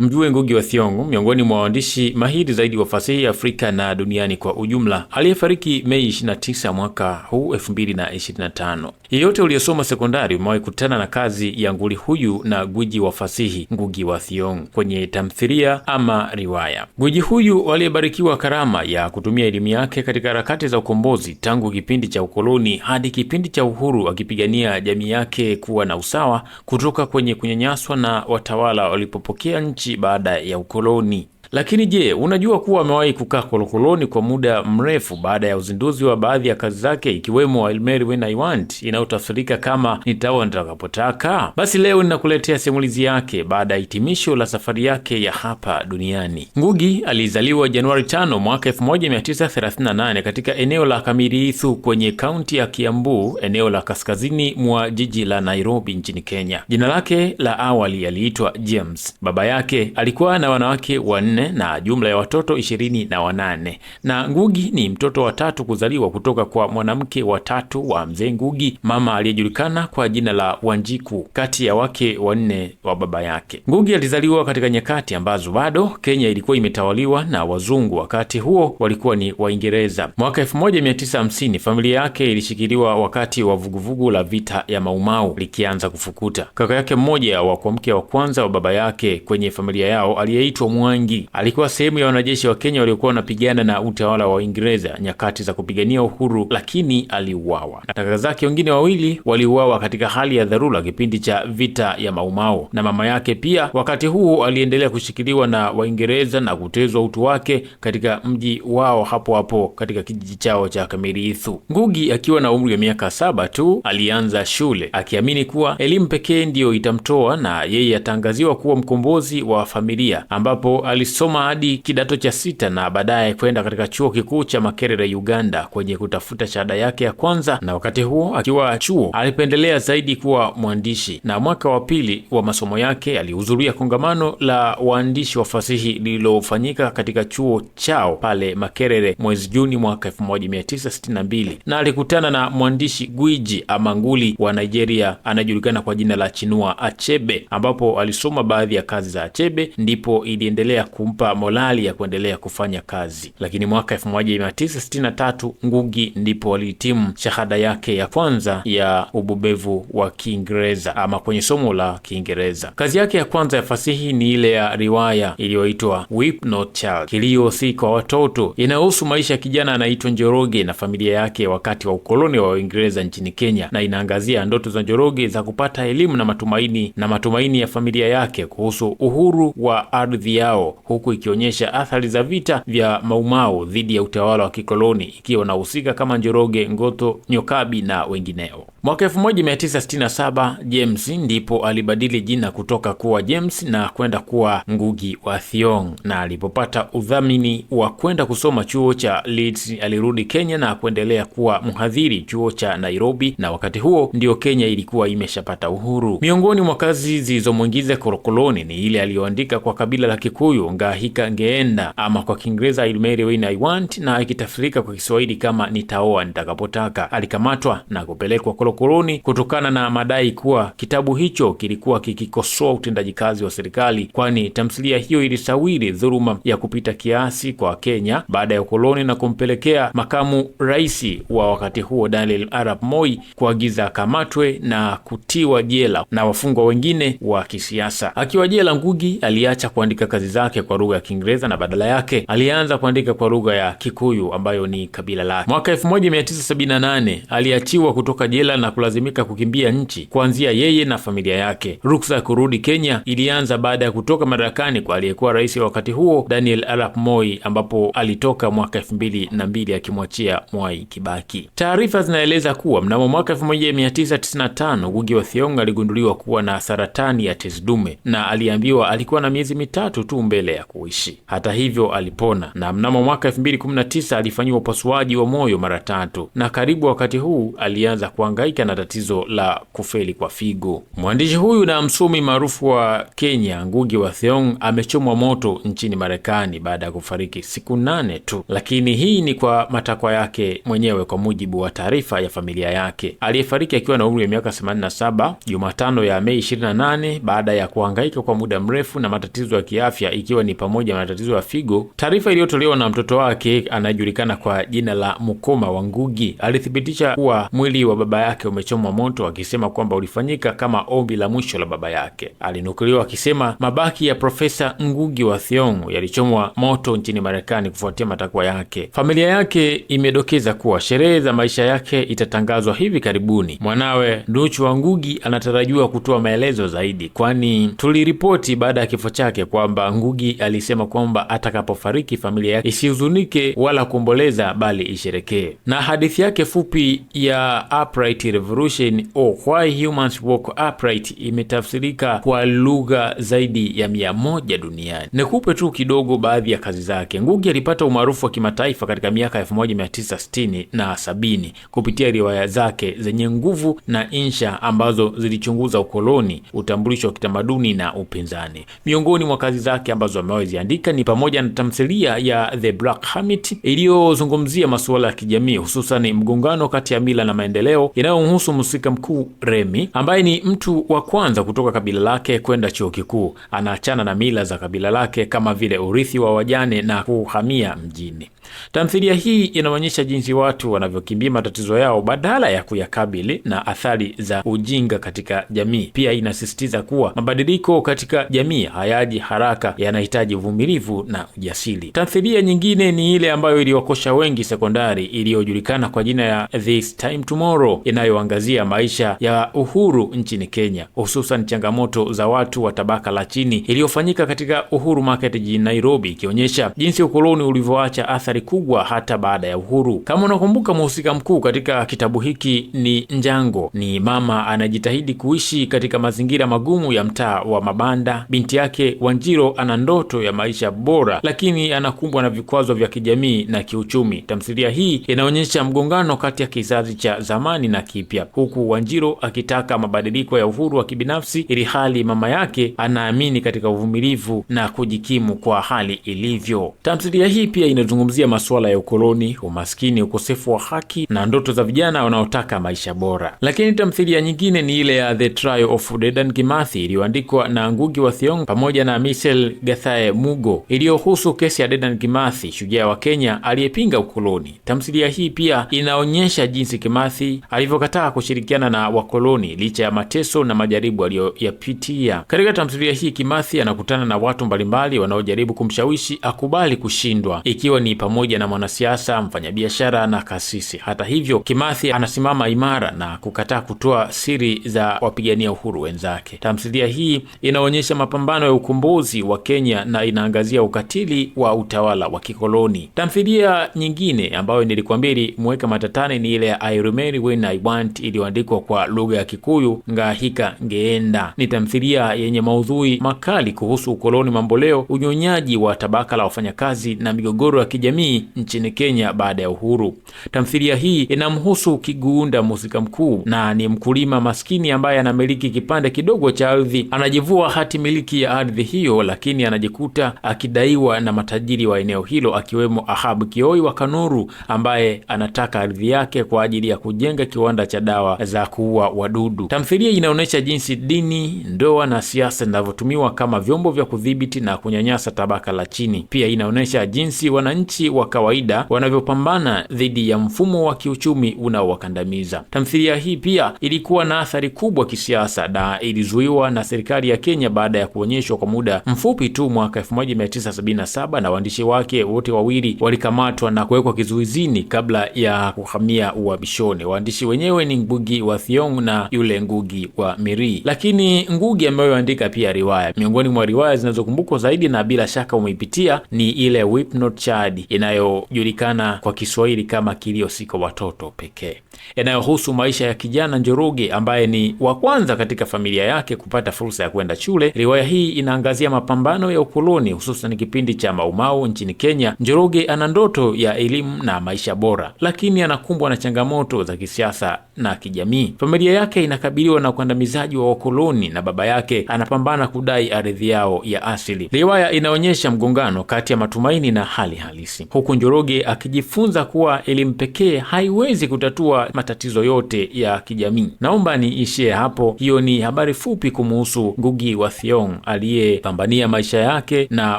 Mjue Ngugi wa Thiong'o, miongoni mwa waandishi mahiri zaidi wa fasihi Afrika na duniani kwa ujumla, aliyefariki Mei 29 mwaka huu 2025. Yeyote uliosoma sekondari umewahi kutana na kazi ya nguli huyu na gwiji wa fasihi Ngugi wa Thiong'o kwenye tamthilia ama riwaya. Gwiji huyu aliyebarikiwa karama ya kutumia elimu yake katika harakati za ukombozi tangu kipindi cha ukoloni hadi kipindi cha uhuru, akipigania jamii yake kuwa na usawa kutoka kwenye kunyanyaswa na watawala walipopokea nchi nchi baada ya ukoloni. Lakini je, unajua kuwa amewahi kukaa kolokoloni kwa muda mrefu baada ya uzinduzi wa baadhi ya kazi zake ikiwemo I'll Marry When I Want inayotafsirika kama nitaoa nitakapotaka? Basi leo ninakuletea simulizi yake baada ya hitimisho la safari yake ya hapa duniani. Ngugi alizaliwa Januari 5 mwaka 1938 katika eneo la Kamiriithu kwenye kaunti ya Kiambu, eneo la kaskazini mwa jiji la Nairobi nchini Kenya. Jina lake la awali aliitwa James. Baba yake alikuwa na wanawake wanne nne na jumla ya watoto ishirini na wanane. Na Ngugi ni mtoto wa tatu kuzaliwa kutoka kwa mwanamke wa tatu wa mzee Ngugi, mama aliyejulikana kwa jina la Wanjiku, kati ya wake wanne wa baba yake. Ngugi alizaliwa katika nyakati ambazo bado Kenya ilikuwa imetawaliwa na wazungu, wakati huo walikuwa ni Waingereza. Mwaka 1950 familia yake ilishikiliwa wakati wa vuguvugu la vita ya Maumau likianza kufukuta. Kaka yake mmoja wa kwa mke wa kwanza wa baba yake kwenye familia yao aliyeitwa Mwangi Alikuwa sehemu ya wanajeshi wa Kenya waliokuwa wanapigana na utawala wa Uingereza nyakati za kupigania uhuru, lakini aliuawa. Na kaka zake wengine wawili waliuawa katika hali ya dharura kipindi cha vita ya Maumau, na mama yake pia wakati huo aliendelea kushikiliwa na Waingereza na kutezwa utu wake katika mji wao hapo hapo katika kijiji chao cha Kamirithu. Ngugi akiwa na umri wa miaka saba tu alianza shule akiamini kuwa elimu pekee ndiyo itamtoa na yeye atangaziwa kuwa mkombozi wa familia ambapo alis alisoma hadi kidato cha sita na baadaye kwenda katika chuo kikuu cha Makerere Uganda kwenye kutafuta shahada yake ya kwanza, na wakati huo akiwa chuo alipendelea zaidi kuwa mwandishi, na mwaka wa pili wa masomo yake alihudhuria kongamano la waandishi wa fasihi lililofanyika katika chuo chao pale Makerere mwezi Juni mwaka 1962 na alikutana na mwandishi gwiji amanguli wa Nigeria anayejulikana kwa jina la Chinua Achebe ambapo alisoma baadhi ya kazi za Achebe ndipo iliendelea ku kumpa molali ya kuendelea kufanya kazi. Lakini mwaka 1963 Ngugi ndipo alihitimu shahada yake ya kwanza ya ubobevu wa Kiingereza ama kwenye somo la Kiingereza. Kazi yake ya kwanza ya fasihi ni ile ya riwaya iliyoitwa Weep Not Child, kilio si kwa watoto, inayohusu maisha ya kijana anaitwa Njoroge na familia yake wakati wa ukoloni wa Uingereza nchini Kenya, na inaangazia ndoto za Njoroge za kupata elimu na matumaini na matumaini ya familia yake kuhusu uhuru wa ardhi yao huku ikionyesha athari za vita vya Maumau dhidi ya utawala wa kikoloni ikiwa na husika kama Njoroge, Ngoto, Nyokabi na wengineo. Mwaka 1967 James ndipo alibadili jina kutoka kuwa James na kwenda kuwa Ngugi wa thiong na alipopata udhamini wa kwenda kusoma chuo cha Leeds alirudi Kenya na kuendelea kuwa mhadhiri chuo cha Nairobi, na wakati huo ndio Kenya ilikuwa imeshapata uhuru. Miongoni mwa kazi zilizomwingiza korokoloni ni ile aliyoandika kwa kabila la Kikuyu nga ya hika ngeenda, ama kwa Kiingereza I'll marry when I want, na ikitafsirika kwa Kiswahili kama nitaoa nitakapotaka. Alikamatwa na kupelekwa korokoroni kutokana na madai kuwa kitabu hicho kilikuwa kikikosoa utendaji kazi wa serikali, kwani tamthilia hiyo ilisawiri dhuluma ya kupita kiasi kwa Kenya baada ya ukoloni na kumpelekea makamu rais wa wakati huo Daniel arab Moi kuagiza akamatwe na kutiwa jela na wafungwa wengine wa kisiasa. Akiwa jela, Ngugi aliacha kuandika kazi zake kwa lugha ya Kiingereza na badala yake alianza kuandika kwa lugha ya Kikuyu ambayo ni kabila lake. Mwaka 1978 aliachiwa kutoka jela na kulazimika kukimbia nchi kuanzia yeye na familia yake. Ruksa ya kurudi Kenya ilianza baada ya kutoka madarakani kwa aliyekuwa rais wa wakati huo Daniel Arap Moi, ambapo alitoka mwaka 2002 akimwachia Mwai Kibaki. Taarifa zinaeleza kuwa mnamo mwaka 1995 Ngugi wa Thiong'o aligunduliwa kuwa na saratani ya tezi dume na aliambiwa alikuwa na miezi mitatu tu mbele ya kuishi. Hata hivyo, alipona na mnamo mwaka 2019 alifanyiwa upasuaji wa moyo mara tatu, na karibu wakati huu alianza kuangaika na tatizo la kufeli kwa figo. Mwandishi huyu na msomi maarufu wa Kenya Ngugi wa Thiong'o amechomwa moto nchini Marekani baada ya kufariki siku nane tu, lakini hii ni kwa matakwa yake mwenyewe, kwa mujibu wa taarifa ya familia yake. Aliyefariki akiwa na umri wa miaka 87 Jumatano ya Mei 28 baada ya kuhangaika kwa muda mrefu na matatizo ya kiafya ikiwa ni pamoja na matatizo ya figo. Taarifa iliyotolewa na mtoto wake anayejulikana kwa jina la Mukoma Wangugi alithibitisha kuwa mwili wa baba yake umechomwa moto, akisema kwamba ulifanyika kama ombi la mwisho la baba yake. Alinukuliwa akisema mabaki ya Profesa Ngugi wa Thiong'o yalichomwa moto nchini Marekani kufuatia matakwa yake. Familia yake imedokeza kuwa sherehe za maisha yake itatangazwa hivi karibuni. Mwanawe Nduchu ngugi anatarajiwa kutoa maelezo zaidi, kwani tuliripoti baada ya kifo chake kwamba Ngugi alisema kwamba atakapofariki familia yake isihuzunike wala kuomboleza, bali isherekee. Na hadithi yake fupi ya Upright Revolution or oh Why Humans Walk Upright imetafsirika kwa lugha zaidi ya mia moja duniani. Nikupe tu kidogo baadhi ya kazi zake. Ngugi alipata umaarufu wa kimataifa katika miaka 1960 na 70 kupitia riwaya zake zenye nguvu na insha ambazo zilichunguza ukoloni, utambulisho wa kitamaduni na upinzani. Miongoni mwa kazi zake ambazo iliandika ni pamoja na tamthilia ya The Black Hermit iliyozungumzia masuala ya kijamii, hususan mgongano kati ya mila na maendeleo inayomhusu mhusika mkuu Remi, ambaye ni mtu wa kwanza kutoka kabila lake kwenda chuo kikuu. Anaachana na mila za kabila lake kama vile urithi wa wajane na kuhamia mjini. Tamthilia hii inaonyesha jinsi watu wanavyokimbia matatizo yao badala ya kuyakabili na athari za ujinga katika jamii. Pia inasisitiza kuwa mabadiliko katika jamii hayaji haraka, yanahitaji inahitaji uvumilivu na ujasiri. Tamthilia nyingine ni ile ambayo iliwakosha wengi sekondari, iliyojulikana kwa jina ya This Time Tomorrow, inayoangazia maisha ya uhuru nchini Kenya, hususan changamoto za watu wa tabaka la chini, iliyofanyika katika Uhuru Market jijini Nairobi, ikionyesha jinsi ukoloni ulivyoacha athari kubwa hata baada ya uhuru. Kama unakumbuka, mhusika mkuu katika kitabu hiki ni Njango, ni mama anajitahidi kuishi katika mazingira magumu ya mtaa wa mabanda. Binti yake Wanjiro ana ndoto ndoto ya maisha bora, lakini anakumbwa na vikwazo vya kijamii na kiuchumi. Tamthilia hii inaonyesha mgongano kati ya kizazi cha zamani na kipya, huku Wanjiro akitaka mabadiliko ya uhuru wa kibinafsi, ili hali mama yake anaamini katika uvumilivu na kujikimu kwa hali ilivyo. Tamthilia hii pia inazungumzia masuala ya ukoloni, umaskini, ukosefu wa haki na ndoto za vijana wanaotaka maisha bora. Lakini tamthilia nyingine ni ile ya The Trial of Dedan Kimathi iliyoandikwa na Ngugi wa Thiong'o pamoja na Michel Gathai Baadaye Mugo iliyohusu kesi ya Dedan Kimathi, shujaa wa Kenya aliyepinga ukoloni. Tamthilia hii pia inaonyesha jinsi Kimathi alivyokataa kushirikiana na wakoloni licha ya mateso na majaribu aliyoyapitia. Katika tamthilia hii, Kimathi anakutana na watu mbalimbali wanaojaribu kumshawishi akubali kushindwa, ikiwa ni pamoja na mwanasiasa, mfanyabiashara na kasisi. Hata hivyo, Kimathi anasimama imara na kukataa kutoa siri za wapigania uhuru wenzake. Tamthilia hii inaonyesha mapambano ya ukombozi wa Kenya na inaangazia ukatili wa utawala wa kikoloni. Tamthilia nyingine ambayo nilikwambia mweka matatani ni ile ya I Remain When I Want iliyoandikwa kwa lugha ya Kikuyu ngahika ngeenda. Ni tamthilia yenye maudhui makali kuhusu ukoloni mamboleo, unyonyaji wa tabaka la wafanyakazi na migogoro ya kijamii nchini Kenya baada ya uhuru. Tamthilia hii inamhusu Kiguunda, mhusika mkuu, na ni mkulima maskini ambaye anamiliki kipande kidogo cha ardhi, anajivua hati miliki ya ardhi hiyo, lakini anaji amejikuta akidaiwa na matajiri wa eneo hilo akiwemo Ahab Kioi wa Kanuru ambaye anataka ardhi yake kwa ajili ya kujenga kiwanda cha dawa za kuua wadudu. Tamthilia inaonyesha jinsi dini, ndoa na siasa zinavyotumiwa kama vyombo vya kudhibiti na kunyanyasa tabaka la chini. Pia inaonyesha jinsi wananchi wa kawaida wanavyopambana dhidi ya mfumo wa kiuchumi unaowakandamiza. Tamthilia hii pia ilikuwa na athari kubwa kisiasa na ilizuiwa na serikali ya Kenya baada ya kuonyeshwa kwa muda mfupi tu mwaka 1977 na waandishi wake wote wawili walikamatwa na kuwekwa kizuizini kabla ya kuhamia uhamishoni. Waandishi wenyewe ni Ngugi wa thiong na yule Ngugi wa Mirii. Lakini Ngugi ameyoandika pia riwaya. Miongoni mwa riwaya zinazokumbukwa zaidi na bila shaka umeipitia ni ile Weep Not Child inayojulikana kwa Kiswahili kama Kilio Siko Watoto Pekee yanayohusu maisha ya kijana Njoroge ambaye ni wa kwanza katika familia yake kupata fursa ya kwenda shule. Riwaya hii inaangazia mapambano ya ukoloni, hususan kipindi cha Maumau nchini Kenya. Njoroge ana ndoto ya elimu na maisha bora, lakini anakumbwa na changamoto za kisiasa na kijamii. Familia yake inakabiliwa na ukandamizaji wa wakoloni na baba yake anapambana kudai ardhi yao ya asili. Riwaya inaonyesha mgongano kati ya matumaini na hali halisi, huku Njoroge akijifunza kuwa elimu pekee haiwezi kutatua matatizo yote ya kijamii. Naomba niishie hapo. Hiyo ni habari fupi kumuhusu Ngugi wa Thiong aliyepambania maisha yake na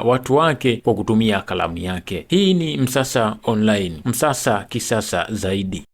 watu wake kwa kutumia kalamu yake. Hii ni Msasa Online, Msasa kisasa zaidi.